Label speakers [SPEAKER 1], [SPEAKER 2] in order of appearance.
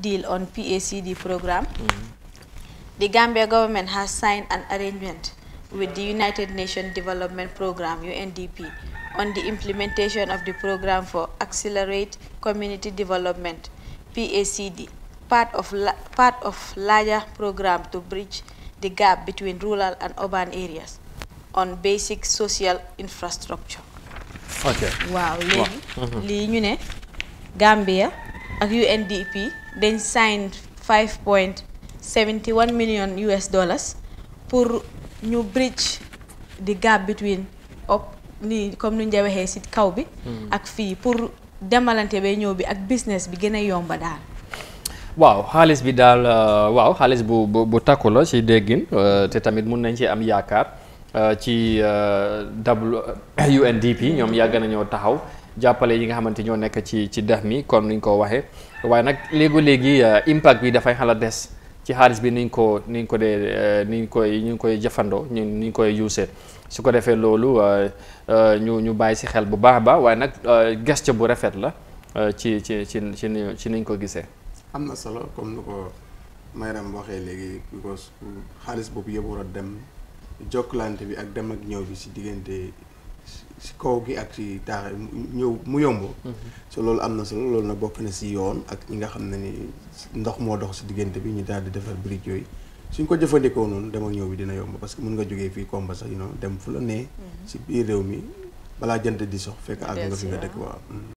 [SPEAKER 1] deal on PACD program, mm -hmm. the Gambia government has signed an arrangement with the United Nations Development Program, UNDP, on the implementation of the program for Accelerate Community Development, PACD, part of, part of larger program to bridge the gap between rural and urban areas on basic social infrastructure. Okay. Wow, Wow. li mm-hmm. ñu né Gambia ak UNDP dañ signed 5.71 million US dollars pour ñu bridge the gap between op ni comme ñu waxee ci kaw bi hmm. ak fi pour demalante bay ñëw bi ak business bi gëna yomba daal
[SPEAKER 2] waaw xaalis bi daal euh, waaw xaalis bu bu takku la ci déggin euh, té tamit mën nañ ci am euh, ci UNDP ñom yag nañu taxaw jàppale yi nga xamante ñoo nekk ci ci dex mi comme niñ ko waxee waaye nag léegi léegi euh, impact bi dafay xala des ci xaalis bi niñ ko niñ ko dee euh, niñ koy ñu ngi koy jëfandoo ñu niñ koy usee su ko defee loolu euh, ñu ñu bàyyi si xel bu baax a baax waaye nag geste bu rafet la ci ci ci ci ci niñ ko gisee.
[SPEAKER 3] am na solo comme nu ko Mayram waxee léegi because xaalis boobu yëpp war a dem jokkalante bi ak dem ak ñëw bi si diggante. si kaw ki ak si taax ñëw mu yomb. so loolu am na solo loolu na bokk na si yoon ak ñi nga xam ne ni ndox moo dox si diggante bi ñu daal di defar brique yooyu suñ ko jëfandikoo noonu dem ñëw bi dina yomb
[SPEAKER 2] parce que mun nga jógee fii Komba sax you know dem fu la nee. si mm-hmm. biir réew mi balaa jant di sox fekk àgg nga fi nga dëkk waaw. Mm-hmm.